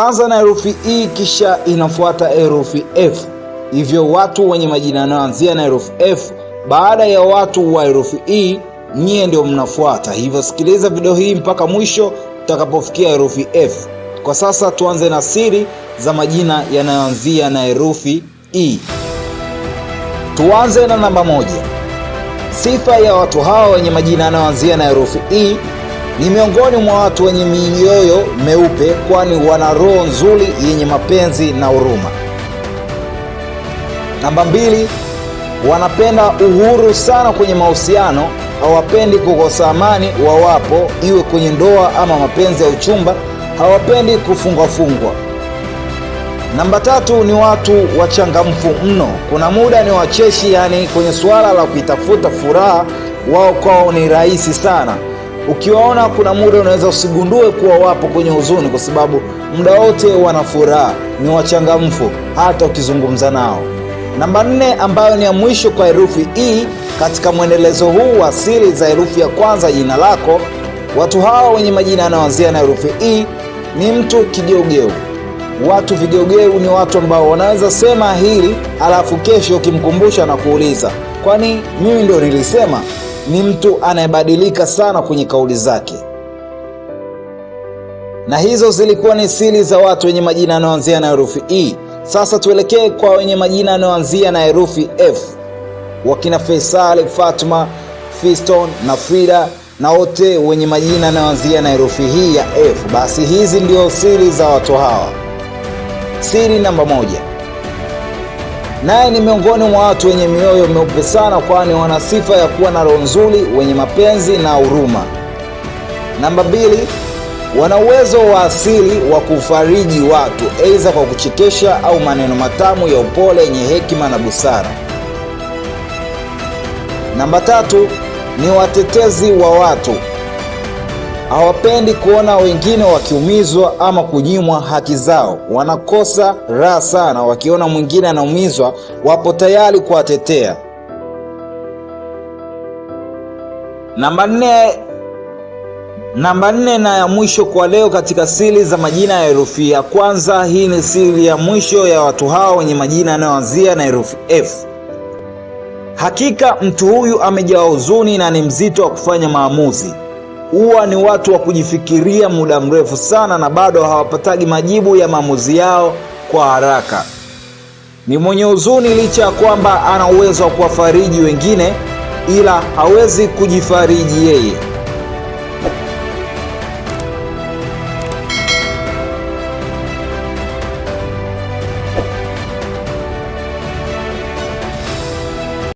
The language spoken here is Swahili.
tanza na herufi E kisha inafuata herufi F. Hivyo watu wenye majina yanayoanzia na herufi F baada ya watu wa herufi E, nyie ndio mnafuata. Hivyo sikiliza video hii mpaka mwisho tutakapofikia herufi F. Kwa sasa tuanze na siri za majina yanayoanzia na herufi E. Tuanze na namba moja. Sifa ya watu hawa wenye majina yanayoanzia na herufi E ni miongoni mwa watu wenye mioyo meupe, kwani wana roho nzuri yenye mapenzi na huruma. Namba mbili, wanapenda uhuru sana kwenye mahusiano, hawapendi kukosa amani wawapo, iwe kwenye ndoa ama mapenzi ya uchumba, hawapendi kufungwafungwa. Namba tatu, ni watu wachangamfu mno, kuna muda ni wacheshi, yani kwenye suala la kuitafuta furaha wao kwao ni rahisi sana. Ukiwaona kuna muda unaweza usigundue kuwa wapo kwenye huzuni, kwa sababu muda wote wana furaha, ni wachangamfu hata ukizungumza nao. Namba nne ambayo ni ya mwisho kwa herufi E katika mwendelezo huu wa asili za herufi ya kwanza jina lako, watu hawa wenye majina yanayoanzia na herufi E ni mtu kigeugeu. Watu vigeugeu ni watu ambao wanaweza sema hili alafu kesho ukimkumbusha na kuuliza, kwani mimi ndio nilisema? ni mtu anayebadilika sana kwenye kauli zake, na hizo zilikuwa ni sili za watu wenye majina yanayoanzia na herufi E. Sasa tuelekee kwa wenye majina yanayoanzia na herufi F, wakina Faisali, Fatuma, Fiston na Frida na wote wenye majina yanayoanzia na herufi hii ya F. Basi hizi ndio siri za watu hawa. Siri namba moja naye ni miongoni mwa watu wenye mioyo meupe sana, kwani wana sifa ya kuwa na roho nzuri, wenye mapenzi na huruma. Namba mbili, wana uwezo wa asili wa kufariji watu, aidha kwa kuchekesha au maneno matamu ya upole yenye hekima na busara. Namba tatu, ni watetezi wa watu hawapendi kuona wengine wakiumizwa ama kunyimwa haki zao. Wanakosa raha sana wakiona mwingine anaumizwa, wapo tayari kuwatetea. Namba nne, namba nne na ya mwisho kwa leo katika siri za majina ya herufi ya kwanza. Hii ni siri ya mwisho ya watu hao wenye majina yanayoanzia na herufi F. Hakika mtu huyu amejaa huzuni na ni mzito wa kufanya maamuzi huwa ni watu wa kujifikiria muda mrefu sana na bado hawapatagi majibu ya maamuzi yao kwa haraka. Ni mwenye huzuni licha ya kwamba ana uwezo wa kuwafariji wengine, ila hawezi kujifariji yeye.